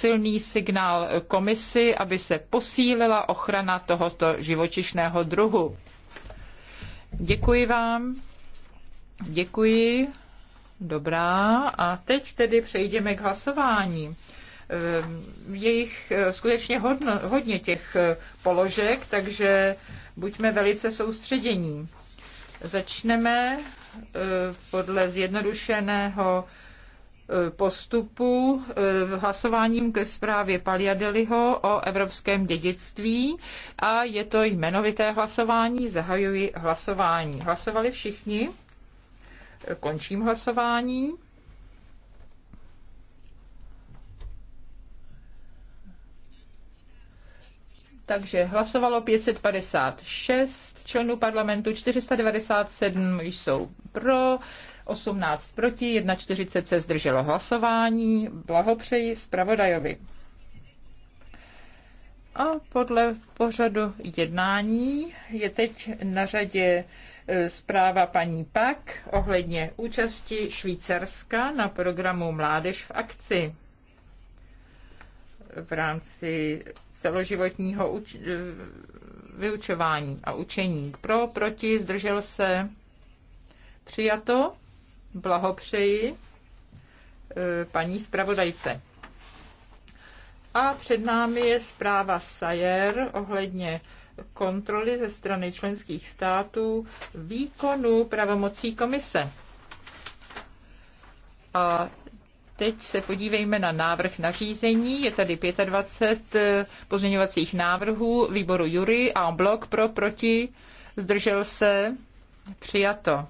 silný signál komisi, aby se posílila ochrana tohoto živočišného druhu. Děkuji vám. Děkuji. Dobrá. A teď tedy přejdeme k hlasování ehm, je jich eh, skutečně hodno, hodně těch eh, položek, takže buďme velice soustředění. Začneme eh, podle zjednodušeného postupu eh, hlasováním ke zprávě Paliadeliho o evropském dědictví a je to jmenovité hlasování. Zahajuji hlasování. Hlasovali všichni? Končím hlasování. Takže hlasovalo 556 členů parlamentu, 497 jsou pro, 18 proti, 1,40 se zdrželo hlasování. Blahopřeji zpravodajovi. A podle pořadu jednání je teď na řadě e, zpráva paní Pak ohledně účasti Švýcarska na programu Mládež v akci v rámci celoživotního uč- e, vyučování a učení. Pro, proti, zdržel se. Přijato. Blahopřeji eh, paní zpravodajce. A před námi je zpráva Sayer ohledně kontroly ze strany členských států výkonu pravomocí komise. A teď se podívejme na návrh nařízení. Je tady 25 eh, pozměňovacích návrhů výboru Jury a blok pro proti zdržel se přijato.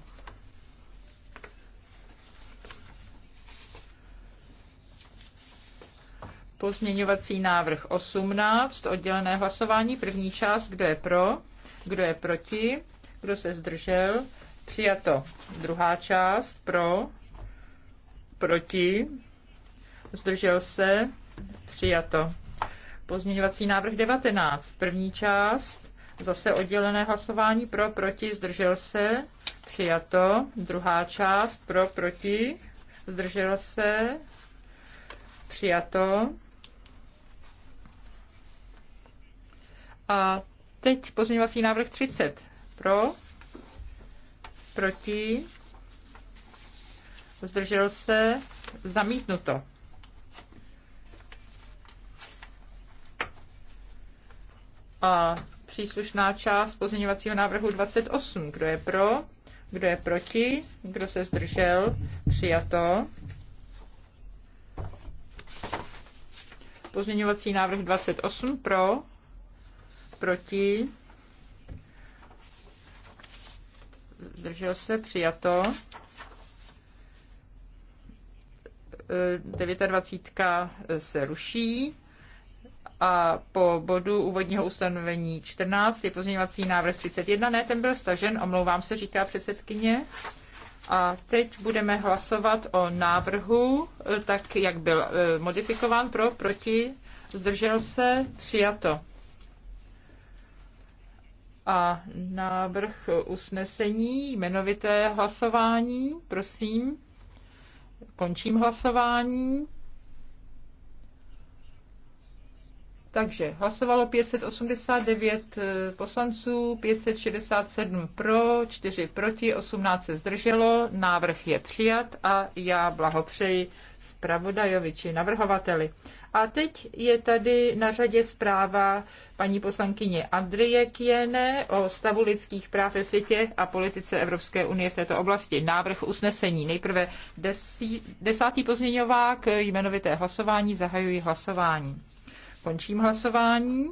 Pozměňovací návrh 18, oddělené hlasování, první část, kdo je pro, kdo je proti, kdo se zdržel, přijato. Druhá část, pro, proti, zdržel se, přijato. Pozměňovací návrh 19, první část, zase oddělené hlasování, pro, proti, zdržel se, přijato. Druhá část, pro, proti, zdržel se, přijato. A teď pozměňovací návrh 30. Pro? Proti? Zdržel se? Zamítnuto. A příslušná část pozměňovacího návrhu 28. Kdo je pro? Kdo je proti? Kdo se zdržel? Přijato. Pozměňovací návrh 28 pro, proti, zdržel se, přijato. 29. se ruší a po bodu úvodního ustanovení 14 je pozměňovací návrh 31. Ne, ten byl stažen, omlouvám se, říká předsedkyně. A teď budeme hlasovat o návrhu, eh, tak jak byl eh, modifikován pro, proti, zdržel se, přijato a návrh usnesení, jmenovité hlasování, prosím. Končím hlasování. Takže hlasovalo 589 eh, poslanců, 567 pro, 4 proti, 18 se zdrželo, návrh je přijat a já blahopřeji zpravodajovi či navrhovateli. A teď je tady na řadě zpráva paní poslankyně Andrie Kiene o stavu lidských práv ve světě a politice Evropské unie v této oblasti. Návrh usnesení. Nejprve desí, desátý pozměňovák, jmenovité hlasování, zahajuji hlasování. Končím hlasování.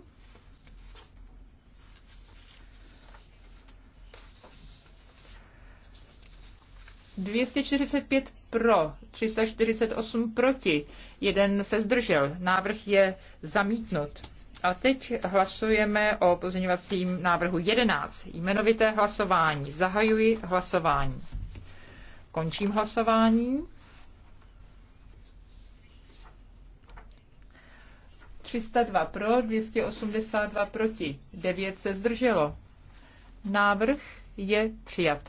Dvěstě čtyřicet pět pro, 348 proti jeden se zdržel. Návrh je zamítnut. A teď hlasujeme o pozměňovacím návrhu 11. Jmenovité hlasování. Zahajuji hlasování. Končím hlasování. 302 pro, 282 proti, 9 se zdrželo. Návrh je přijat.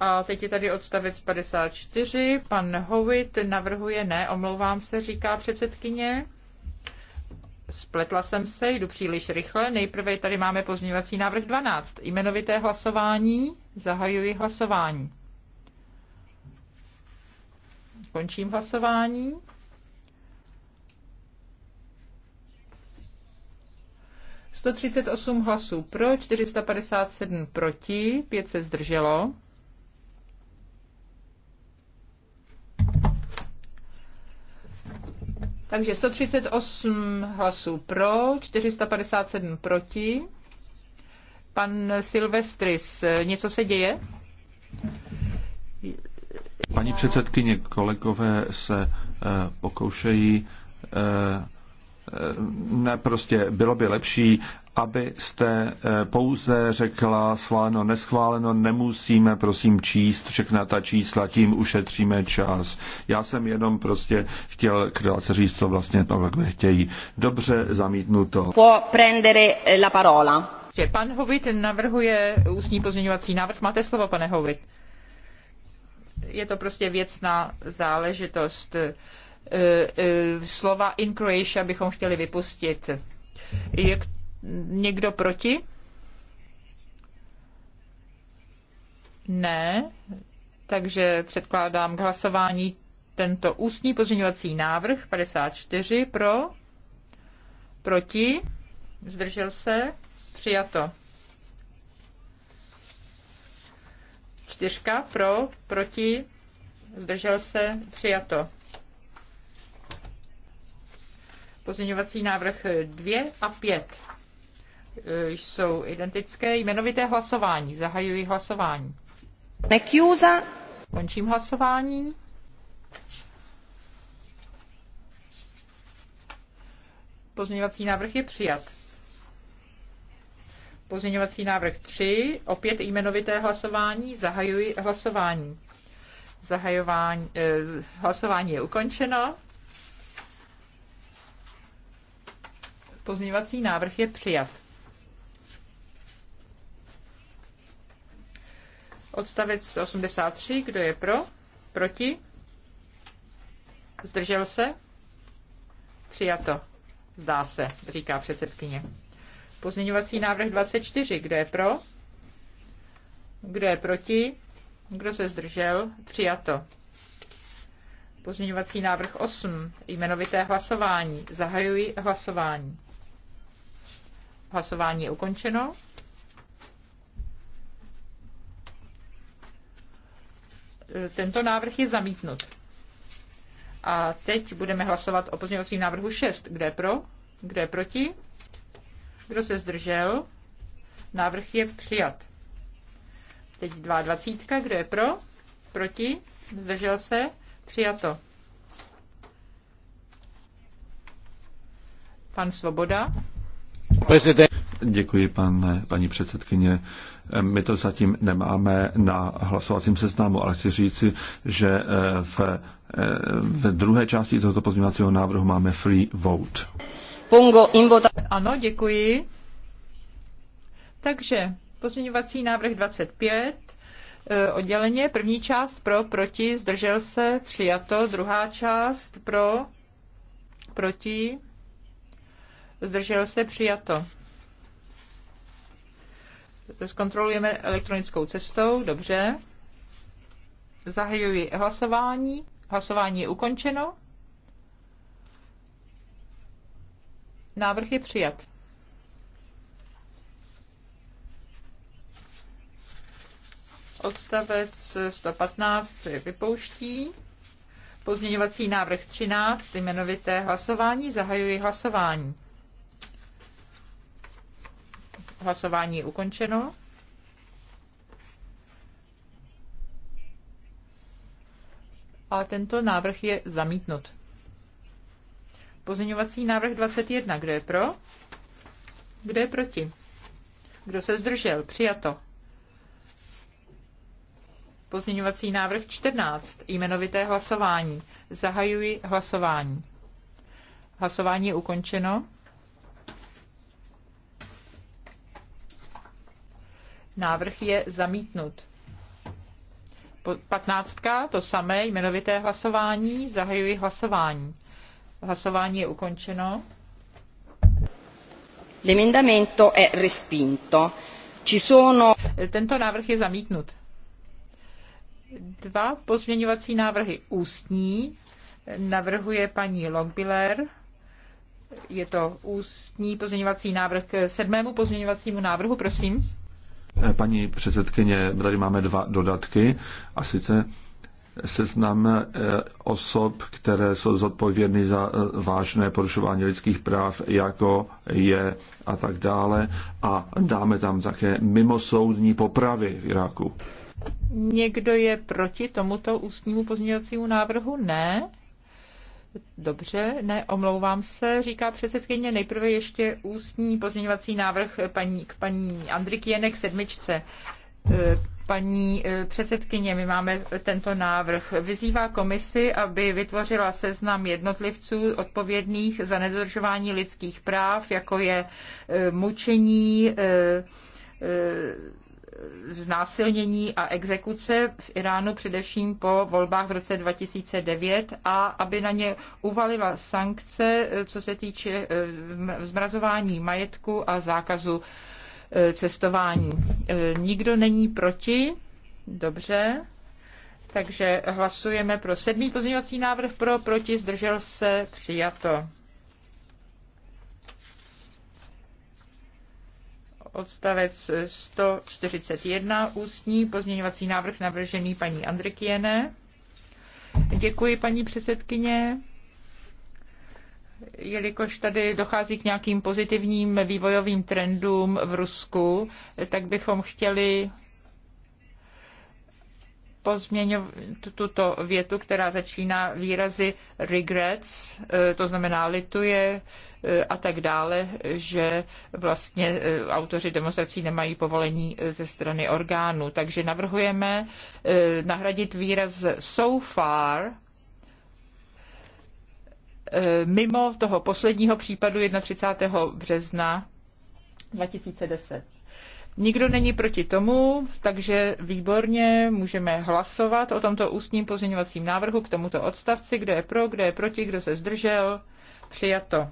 A teď je tady odstavec 54. Pan Howitt navrhuje, ne, omlouvám se, říká předsedkyně. Spletla jsem se, jdu příliš rychle. Nejprve tady máme pozměňovací návrh 12. Jmenovité hlasování. Zahajuji hlasování. Končím hlasování. osm hlasů pro, 457 proti, 5 se zdrželo. Takže 138 hlasů pro, 457 proti. Pan Silvestris, něco se děje? Paní předsedkyně, kolegové se eh, pokoušejí eh, eh, ne, prostě bylo by lepší, abyste eh, pouze řekla schváleno, neschváleno, nemusíme prosím číst všechna ta čísla, tím ušetříme čas. Já jsem jenom prostě chtěl krátce říct, co vlastně takhle chtějí. Dobře, zamítnuto. Po prendere la parola. Že pan Hovit navrhuje ústní pozměňovací návrh. Máte slovo, pane Hovit. Je to prostě věcná záležitost. Eh, eh, slova in Croatia bychom chtěli vypustit. Někdo proti? Ne, takže předkládám k hlasování tento ústní pozměňovací návrh 54 pro, proti, zdržel se, přijato. Čtyřka pro, proti, zdržel se, přijato. Pozměňovací návrh 2 a 5. Eh, jsou identické. Jmenovité hlasování. Zahajuji hlasování. Nekiuza. Končím hlasování. Pozměňovací návrh je přijat. Pozměňovací návrh 3, opět jmenovité hlasování, zahajuji hlasování. Zahajování, eh, hlasování je ukončeno. Pozměňovací návrh je přijat. Odstavec 83, kdo je pro? Proti? Zdržel se? Přijato. Zdá se, říká předsedkyně. Pozměňovací návrh 24, kdo je pro? Kdo je proti? Kdo se zdržel? Přijato. Pozměňovací návrh 8. Jmenovité hlasování. Zahajuji hlasování. Hlasování je ukončeno. Tento návrh je zamítnut. A teď budeme hlasovat o pozměňovacím návrhu 6. Kde pro? Kde proti? Kdo se zdržel? Návrh je přijat. Teď 22. Kdo je pro? Proti? Zdržel se? Přijato. Pan Svoboda. Děkuji, pan, paní předsedkyně. My to zatím nemáme na hlasovacím seznamu, ale chci říci, že eh, v, eh, v druhé části tohoto pozměňovacího návrhu máme free vote. Pongo invota. Ano, děkuji. Takže pozměňovací návrh 25 eh, odděleně. První část pro, proti, zdržel se, přijato. Druhá část pro, proti, zdržel se, přijato zkontrolujeme elektronickou cestou, dobře. Zahajuji hlasování. Hlasování je ukončeno. Návrh je přijat. Odstavec 115 se vypouští. Pozměňovací návrh 13, jmenovité hlasování, zahajuji hlasování. Hlasování je ukončeno. A tento návrh je zamítnut. Pozměňovací návrh 21. Kdo je pro? Kdo je proti? Kdo se zdržel? Přijato. Pozměňovací návrh 14. Jmenovité hlasování. Zahajuji hlasování. Hlasování je ukončeno. Návrh je zamítnut. 15. To samé jmenovité hlasování. Zahajuji hlasování. Hlasování je ukončeno. L'emendamento è respinto. Ci sono... Tento návrh je zamítnut. Dva pozměňovací návrhy ústní navrhuje paní Logbiller. Je to ústní pozměňovací návrh k sedmému pozměňovacímu návrhu, prosím. Eh, paní předsedkyně, tady máme dva dodatky a sice seznam eh, osob, které jsou zodpovědny za eh, vážné porušování lidských práv, jako je a tak dále. A dáme tam také mimosoudní popravy v Iráku. Někdo je proti tomuto ústnímu pozměňovacímu návrhu? Ne. Dobře, ne, omlouvám se, říká předsedkyně. Nejprve ještě ústní pozměňovací návrh paní, k paní Andriky Jenek sedmičce. E, paní e, předsedkyně, my máme tento návrh. Vyzývá komisi, aby vytvořila seznam jednotlivců odpovědných za nedodržování lidských práv, jako je e, mučení, znásilnění a exekuce v Iránu především po volbách v roce 2009 a aby na ně uvalila sankce, eh, co se týče eh, zmrazování majetku a zákazu eh, cestování. Nikdo není proti? Dobře. Takže hlasujeme pro sedmý pozměňovací návrh pro, proti, zdržel se, přijato. odstavec 141, ústní pozměňovací návrh navržený paní Andrikiene. Děkuji, paní předsedkyně. Jelikož tady dochází k nějakým pozitivním vývojovým trendům v Rusku, tak bychom chtěli pozměňo, tuto větu, která začíná výrazy regrets, e, to znamená lituje e, a tak dále, že vlastně e, autoři demonstrací nemají povolení ze strany orgánů. Takže navrhujeme nahradit výraz so far mimo toho posledního případu 31. března 2010. Nikdo není proti tomu, takže výborně můžeme hlasovat o tomto ústním pozměňovacím návrhu k tomuto odstavci, kde je pro, kde je proti, kdo se zdržel. Přijato.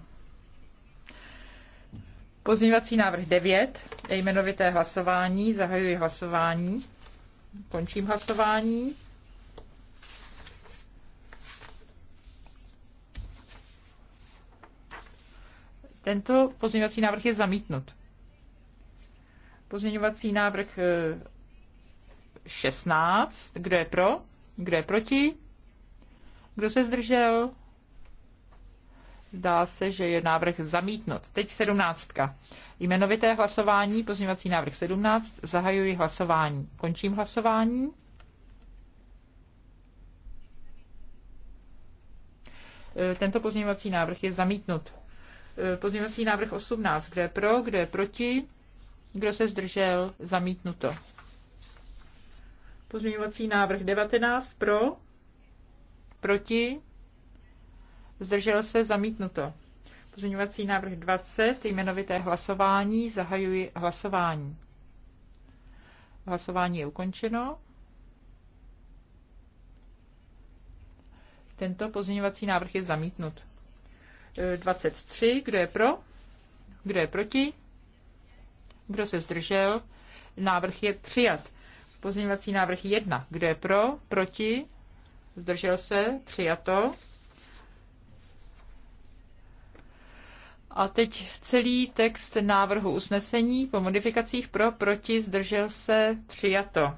Pozměňovací návrh 9, jmenovité hlasování, zahajuji hlasování, končím hlasování. Tento pozměňovací návrh je zamítnut. Pozměňovací návrh 16. Eh, kdo je pro? Kdo je proti? Kdo se zdržel? Zdá se, že je návrh zamítnut. Teď sedmnáctka. Jmenovité hlasování, pozměňovací návrh 17. Zahajuji hlasování. Končím hlasování. Eh, tento pozměňovací návrh je zamítnut. Eh, pozměňovací návrh 18. Kdo je pro, kdo je proti? Kdo se zdržel? Zamítnuto. Pozměňovací návrh 19 pro, proti, zdržel se, zamítnuto. Pozměňovací návrh 20, jmenovité hlasování, zahajuji hlasování. Hlasování je ukončeno. Tento pozměňovací návrh je zamítnut. 23, e, kdo je pro? Kdo je proti? Kdo se zdržel? Návrh je přijat. Pozměňovací návrh 1. Kdo je pro? Proti? Zdržel se? Přijato. A teď celý text návrhu usnesení po modifikacích pro, proti, zdržel se, přijato.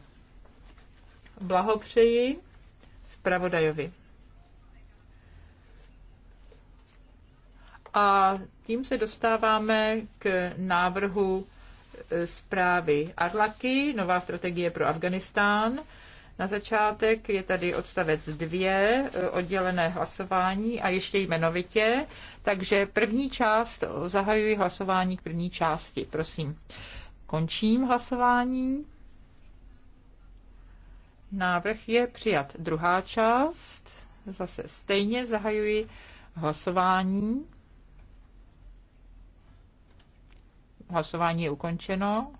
Blahopřeji zpravodajovi. A tím se dostáváme k návrhu zprávy Arlaky, nová strategie pro Afganistán. Na začátek je tady odstavec dvě, eh, oddělené hlasování a ještě jmenovitě. Takže první část, zahajuji hlasování k první části, prosím. Končím hlasování. Návrh je přijat. Druhá část, zase stejně zahajuji hlasování. Hlasování je ukončeno.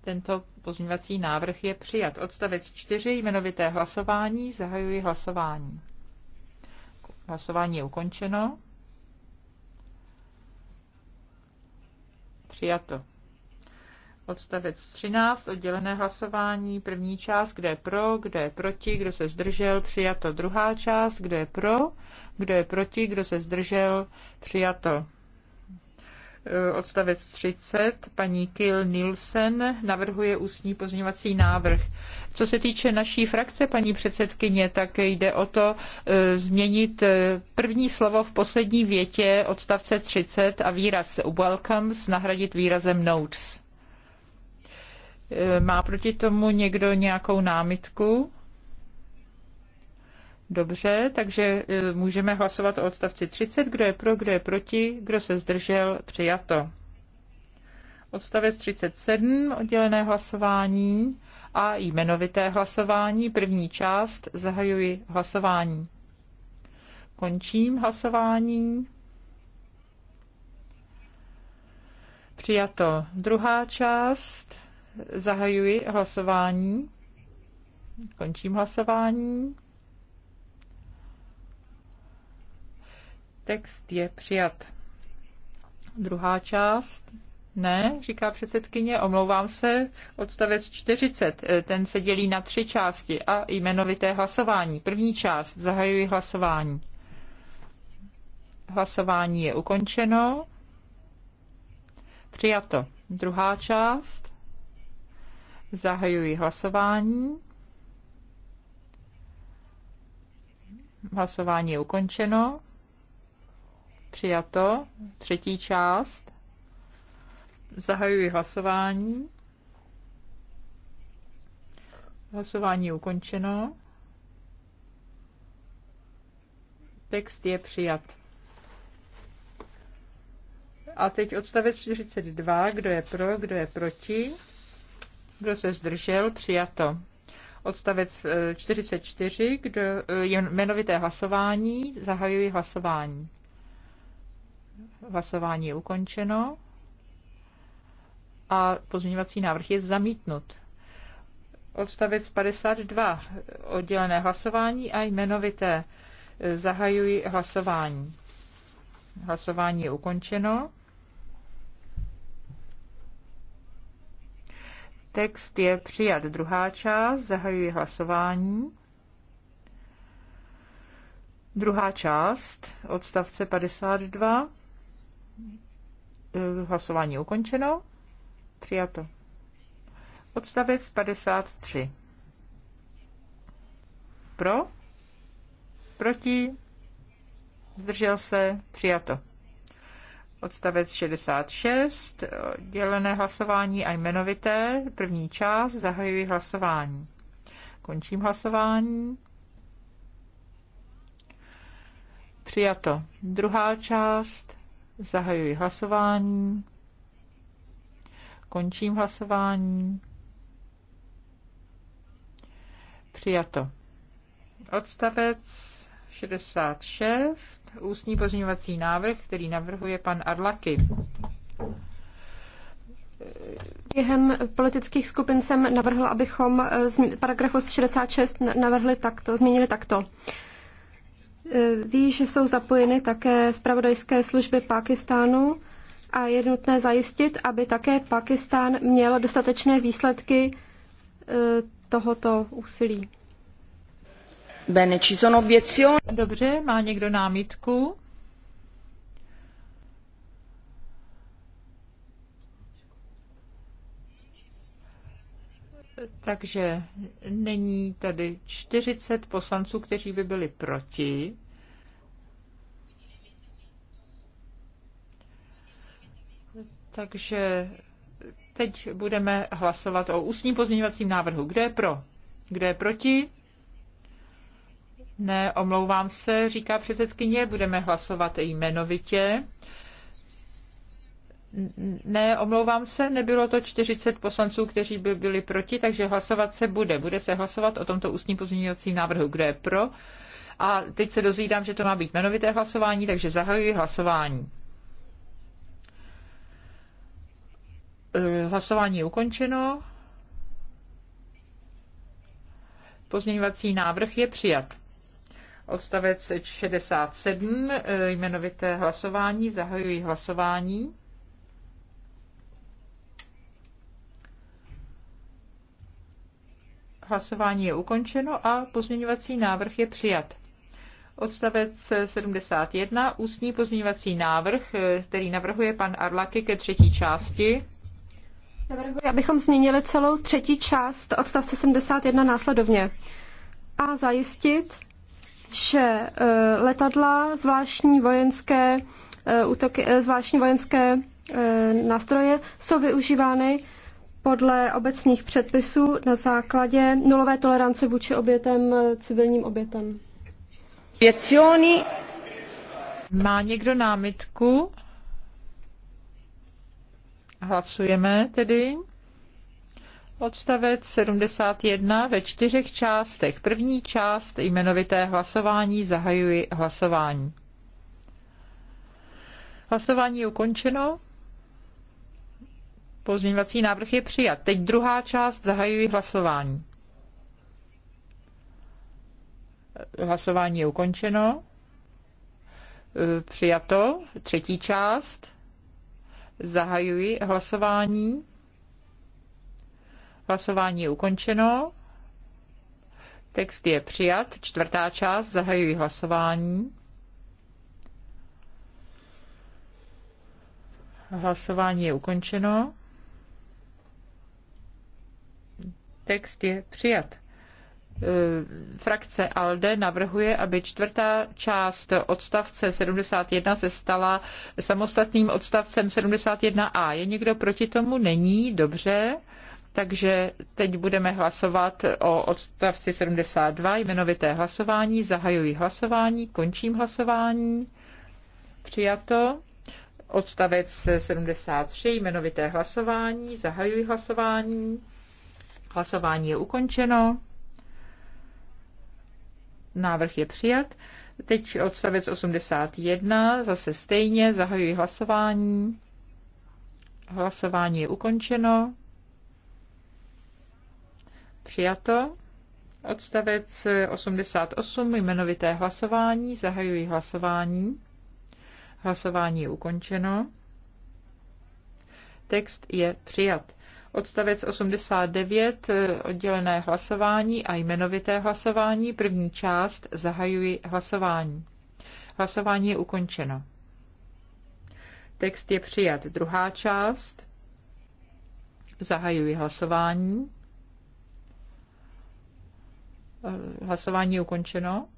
Tento pozměňovací návrh je přijat. Odstavec 4, jmenovité hlasování, zahajuji hlasování. Hlasování je ukončeno. Přijato. Odstavec 13, oddělené hlasování, první část, kde je pro, kde je proti, kdo se zdržel, přijato. Druhá část, kde je pro, kdo je proti, kdo se zdržel, přijato. Eh, odstavec 30, paní Kill Nielsen navrhuje ústní pozměňovací návrh. Co se týče naší frakce, paní předsedkyně, tak jde o to eh, změnit eh, první slovo v poslední větě odstavce 30 a výraz welcomes nahradit výrazem notes. Má proti tomu někdo nějakou námitku? Dobře, takže e, můžeme hlasovat o odstavci 30. Kdo je pro, kdo je proti, kdo se zdržel, přijato. Odstavec 37, oddělené hlasování a jmenovité hlasování, první část, zahajuji hlasování. Končím hlasování. Přijato. Druhá část, zahajuji hlasování. Končím hlasování. Text je přijat. Druhá část. Ne, říká předsedkyně, omlouvám se, odstavec 40, eh, ten se dělí na tři části a jmenovité hlasování. První část, zahajuji hlasování. Hlasování je ukončeno. Přijato. Druhá část, zahajuji hlasování. Hlasování je ukončeno. Přijato. Třetí část. Zahajuji hlasování. Hlasování je ukončeno. Text je přijat. A teď odstavec 42. Kdo je pro, kdo je proti? Kdo se zdržel? Přijato. Odstavec 44. Eh, kdo, eh, jmenovité hlasování. Zahajuji hlasování. Hlasování je ukončeno a pozměňovací návrh je zamítnut. Odstavec 52. Oddělené hlasování a jmenovité. Zahajuji hlasování. Hlasování je ukončeno. Text je přijat. Druhá část. Zahajuji hlasování. Druhá část odstavce 52. Eh, hlasování ukončeno. Přijato. Odstavec 53. Pro? Proti? Zdržel se? Přijato. Odstavec 66. Dělené hlasování a jmenovité. První část. Zahajuji hlasování. Končím hlasování. Přijato. Druhá část. Zahajuji hlasování. Končím hlasování. Přijato. Odstavec 66. Ústní pozměňovací návrh, který navrhuje pan Arlaky. Během politických skupin jsem navrhl, abychom eh, z paragrafu 66 navrhli takto, změnili takto. E, ví, že jsou zapojeny také zpravodajské služby Pákistánu a je nutné zajistit, aby také Pakistán měl dostatečné výsledky e, tohoto úsilí. Bene, ci sono obiezioni? Dobře, má někdo námitku? takže není tady 40 poslanců, kteří by byli proti. Takže teď budeme hlasovat o ústním pozměňovacím návrhu. Kdo je pro? Kdo je proti? Ne, omlouvám se, říká předsedkyně, budeme hlasovat jmenovitě ne, omlouvám se, nebylo to 40 poslanců, kteří by byli proti, takže hlasovat se bude. Bude se hlasovat o tomto ústním pozměňovacím návrhu, kdo je pro. A teď se dozvídám, že to má být jmenovité hlasování, takže zahajuji hlasování. Eh, hlasování je ukončeno. Pozměňovací návrh je přijat. Odstavec 67, eh, jmenovité hlasování, zahajuji hlasování. Hlasování je ukončeno a pozměňovací návrh je přijat. Odstavec 71, ústní pozměňovací návrh, který navrhuje pan Arlaky ke třetí části. Navrhuji, abychom změnili celou třetí část odstavce 71 následovně a zajistit, že eh, letadla, zvláštní vojenské eh, útoky, eh, zvláštní vojenské nástroje jsou využívány podle obecných předpisů na základě nulové tolerance vůči obětem, eh, civilním obětem. Věcioni. Má někdo námitku? Hlasujeme tedy. Odstavec 71 ve čtyřech částech. První část jmenovité hlasování zahajuji hlasování. Hlasování je ukončeno. Pozměňovací návrh je přijat. Teď druhá část, zahajuji hlasování. Hlasování je ukončeno. E, přijato. Třetí část. Zahajuji hlasování. Hlasování je ukončeno. Text je přijat. Čtvrtá část. Zahajuji hlasování. Hlasování je ukončeno. Text je přijat. E, frakce ALDE navrhuje, aby čtvrtá část odstavce 71 se stala samostatným odstavcem 71a. Je někdo proti tomu? Není. Dobře. Takže teď budeme hlasovat o odstavci 72, jmenovité hlasování. Zahajuji hlasování, končím hlasování. Přijato. Odstavec 73, jmenovité hlasování. Zahajuji hlasování. Hlasování je ukončeno. Návrh je přijat. Teď odstavec 81, zase stejně, zahajuji hlasování. Hlasování je ukončeno. Přijato. Odstavec 88, jmenovité hlasování, zahajuji hlasování. Hlasování je ukončeno. Text je přijat odstavec 89, eh, oddělené hlasování a jmenovité hlasování, první část, zahajuji hlasování. Hlasování je ukončeno. Text je přijat. Druhá část, zahajuji hlasování. Eh, hlasování je ukončeno.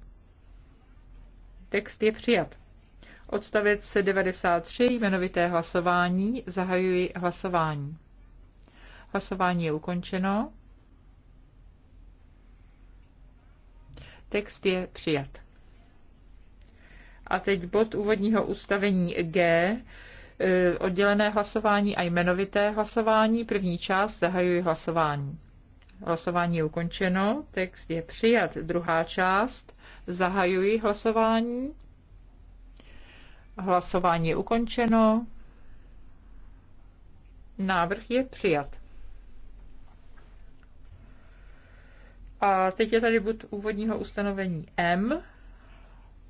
Text je přijat. Odstavec 93, jmenovité hlasování, zahajuji hlasování. Hlasování je ukončeno. Text je přijat. A teď bod úvodního ustavení G, eh, oddělené hlasování a jmenovité hlasování. První část zahajuji hlasování. Hlasování je ukončeno, text je přijat. Druhá část zahajuji hlasování. Hlasování je ukončeno. Návrh je přijat. A teď je tady bod úvodního ustanovení M.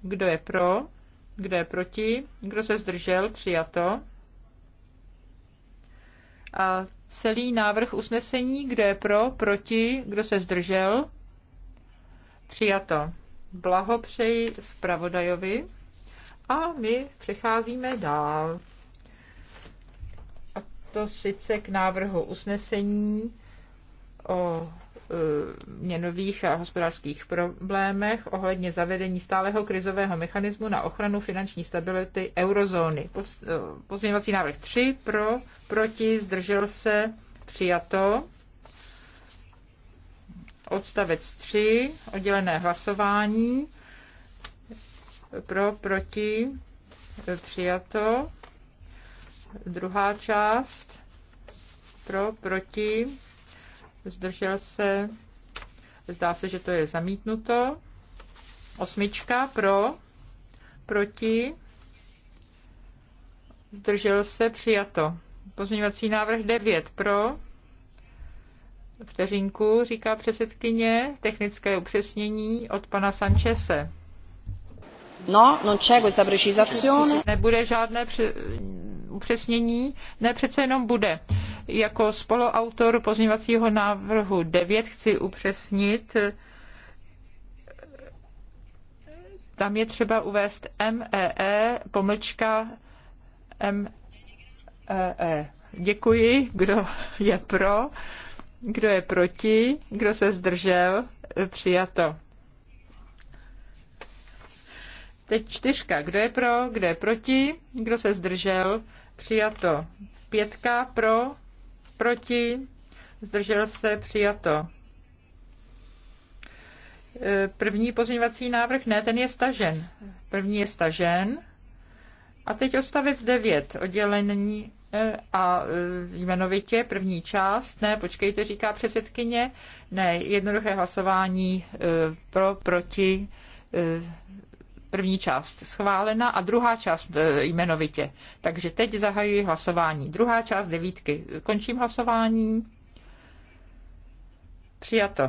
Kdo je pro? Kdo je proti? Kdo se zdržel? Přijato. A celý návrh usnesení, kdo je pro, proti, kdo se zdržel? Přijato. Blahopřeji zpravodajovi. A my přecházíme dál. A to sice k návrhu usnesení o Eh, měnových a hospodářských problémech ohledně zavedení stálého krizového mechanismu na ochranu finanční stability eurozóny. Eh, pozměňovací návrh 3 pro, proti, zdržel se, přijato. Odstavec 3, oddělené hlasování, pro, proti, přijato. Druhá část, pro, proti, zdržel se, zdá se, že to je zamítnuto. Osmička pro, proti, zdržel se, přijato. Pozměňovací návrh 9 pro, vteřinku, říká předsedkyně, technické upřesnění od pana Sanchese. No, non c'è questa precisazione. Nebude žádné upřesnění, ne přece jenom bude. Jako spoluautor pozměňovacího návrhu 9 chci upřesnit, tam je třeba uvést MEE e, pomlčka MEE. E. Děkuji, kdo je pro, kdo je proti, kdo se zdržel, přijato. Teď čtyřka. Kdo je pro, kdo je proti, kdo se zdržel, přijato. Pětka pro, proti, zdržel se, přijato. E, první pozměňovací návrh, ne, ten je stažen. První je stažen. A teď odstavec 9, oddělení e, a e, jmenovitě první část, ne, počkejte, říká předsedkyně, ne, jednoduché hlasování pro, proti, První část schválena a druhá část e, jmenovitě. Takže teď zahajuji hlasování. Druhá část devítky. Končím hlasování. Přijato.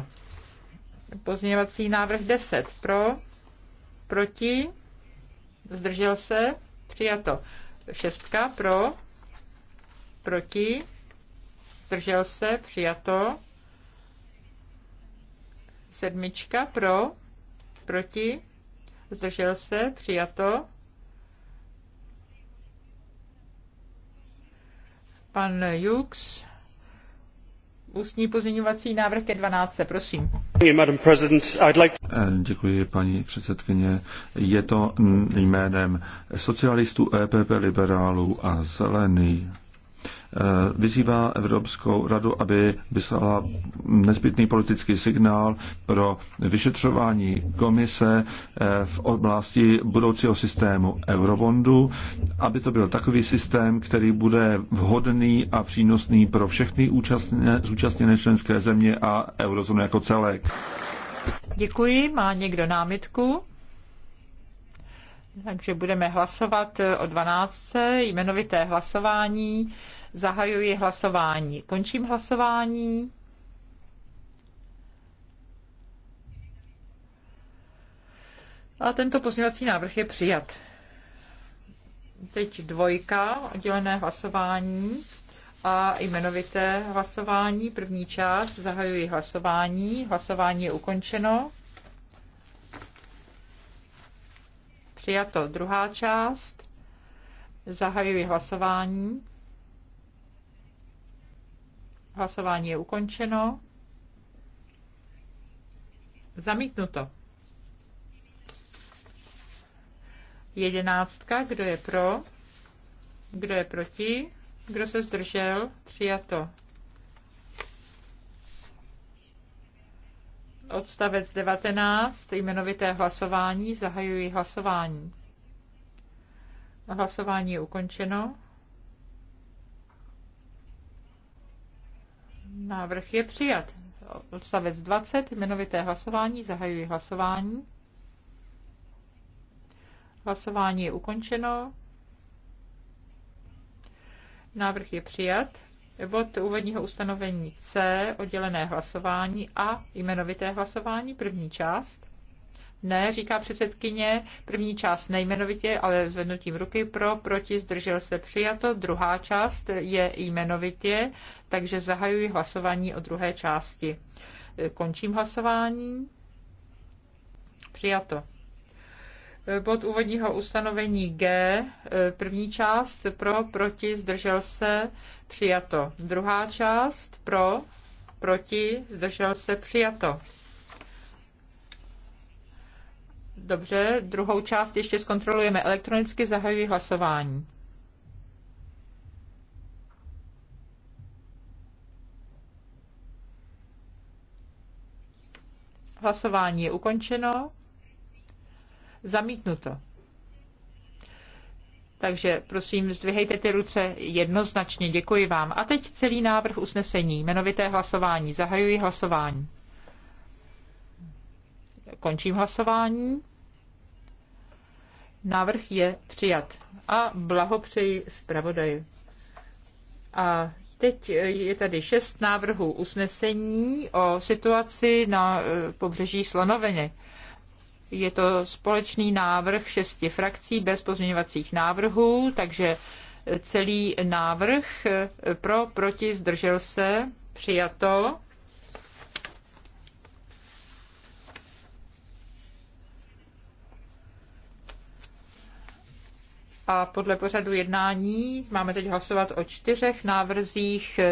Pozměňovací návrh 10. Pro, proti, zdržel se, přijato. Šestka pro, proti, zdržel se, přijato. Sedmička pro, proti, zdržel se, přijato. Pan Jux, ústní pozměňovací návrh ke 12. Prosím. Eh, děkuji, paní předsedkyně. Je to jménem socialistů, EPP, liberálů a zelených Eh, vyzývá Evropskou radu, aby vyslala nezbytný politický signál pro vyšetřování komise eh, v oblasti budoucího systému eurobondu, aby to byl takový systém, který bude vhodný a přínosný pro všechny účastné, zúčastněné členské země a eurozónu jako celek. Děkuji. Má někdo námitku? Takže budeme hlasovat o 12. jmenovité hlasování. Zahajuji hlasování. Končím hlasování. A tento pozměňovací návrh je přijat. Teď dvojka, oddělené hlasování a jmenovité hlasování. První část, zahajuji hlasování. Hlasování je ukončeno. Přijato druhá část. Zahajuji hlasování. Hlasování je ukončeno. Zamítnuto. Jedenáctka, kdo je pro? Kdo je proti? Kdo se zdržel? Přijato. Odstavec 19, jmenovité hlasování, zahajuji hlasování. Hlasování je ukončeno. Návrh je přijat. Odstavec 20, jmenovité hlasování, zahajuji hlasování. Hlasování je ukončeno. Návrh je přijat. Bod úvodního ustanovení C, oddělené hlasování a jmenovité hlasování, první část. Ne, říká předsedkyně. První část nejmenovitě, ale zvednutím ruky pro, proti, zdržel se přijato. Druhá část je jmenovitě, takže zahajuji hlasování o druhé části. Končím hlasování. Přijato. Bod úvodního ustanovení G, první část pro, proti, zdržel se, přijato. Druhá část pro, proti, zdržel se, přijato. Dobře, druhou část ještě zkontrolujeme elektronicky, zahajuji hlasování. Hlasování je ukončeno. Zamítnuto. Takže prosím, zdvihejte ty ruce jednoznačně. Děkuji vám. A teď celý návrh usnesení. Jmenovité hlasování. Zahajuji hlasování. Končím hlasování. Návrh je přijat. A blahopřeji zpravodaji. A teď je tady šest návrhů usnesení o situaci na e, pobřeží Slonoviny. Je to společný návrh šesti frakcí bez pozměňovacích návrhů, takže celý návrh e, pro, proti, zdržel se, přijato. a podle pořadu jednání máme teď hlasovat o čtyřech návrzích e,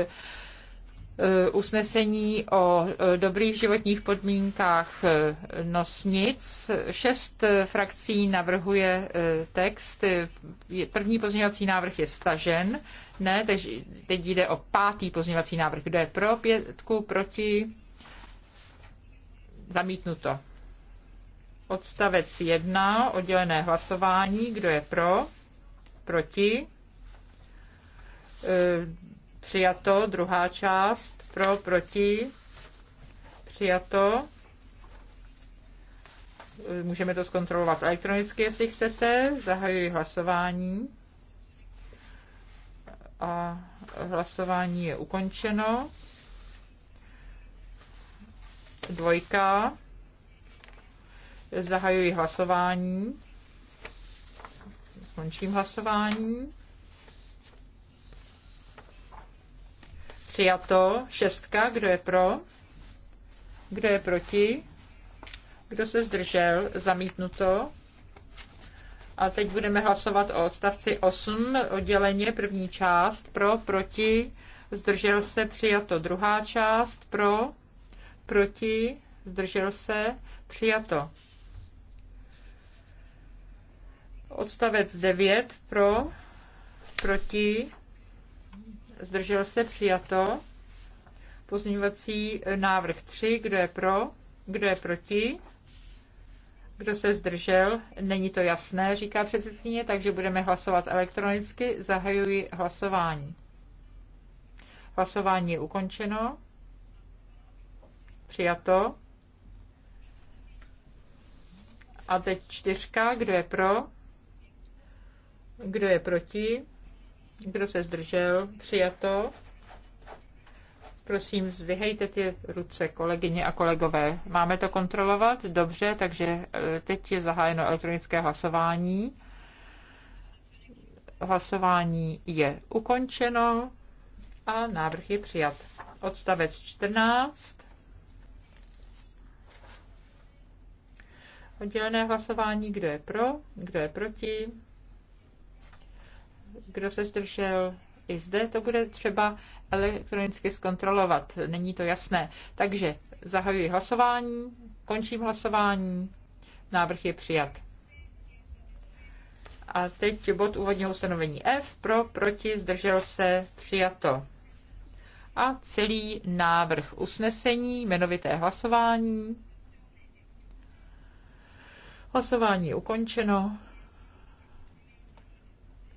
e, usnesení o e, dobrých životních podmínkách nosnic. Šest frakcí navrhuje text. První pozměňovací návrh je stažen. Ne, takže teď jde o pátý pozměňovací návrh. Kdo je pro pětku, proti? Zamítnuto. Odstavec jedna, oddělené hlasování. Kdo je pro? proti, e, přijato, druhá část, pro, proti, přijato. E, můžeme to zkontrolovat elektronicky, jestli chcete. Zahajuji hlasování. A hlasování je ukončeno. Dvojka. Zahajuji hlasování. Končím hlasování. Přijato. Šestka. Kdo je pro? Kdo je proti? Kdo se zdržel? Zamítnuto. A teď budeme hlasovat o odstavci 8, odděleně první část, pro, proti, zdržel se, přijato druhá část, pro, proti, zdržel se, přijato. Odstavec 9 pro, proti, zdržel se, přijato. Pozměňovací e, návrh 3, kdo je pro, kdo je proti, kdo se zdržel, není to jasné, říká předsedkyně, takže budeme hlasovat elektronicky. Zahajuji hlasování. Hlasování je ukončeno. Přijato. A teď čtyřka, kdo je pro, kdo je proti? Kdo se zdržel? Přijato. Prosím, zvyhejte ty ruce, kolegyně a kolegové. Máme to kontrolovat? Dobře, takže eh, teď je zahájeno elektronické hlasování. Hlasování je ukončeno a návrh je přijat. Odstavec 14. Oddělené hlasování, kdo je pro, kdo je proti. Kdo se zdržel? I zde to bude třeba elektronicky zkontrolovat. Není to jasné. Takže zahajuji hlasování, končím hlasování. Návrh je přijat. A teď bod úvodního ustanovení F. Pro, proti, zdržel se, přijato. A celý návrh usnesení, jmenovité hlasování. Hlasování je ukončeno.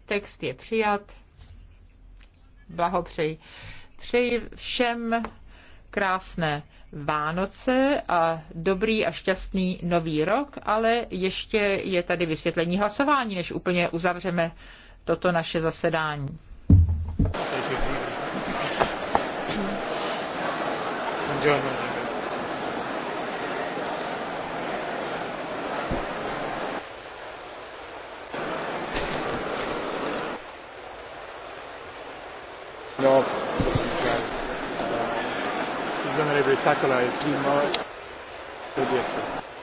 Text je přijat. Blahopřeji. Přeji všem krásné Vánoce a dobrý a šťastný nový rok, ale ještě je tady vysvětlení hlasování, než úplně uzavřeme toto naše zasedání. Děkujeme. Rob no, si říká, uh, he's gonna be a tackler, he's not,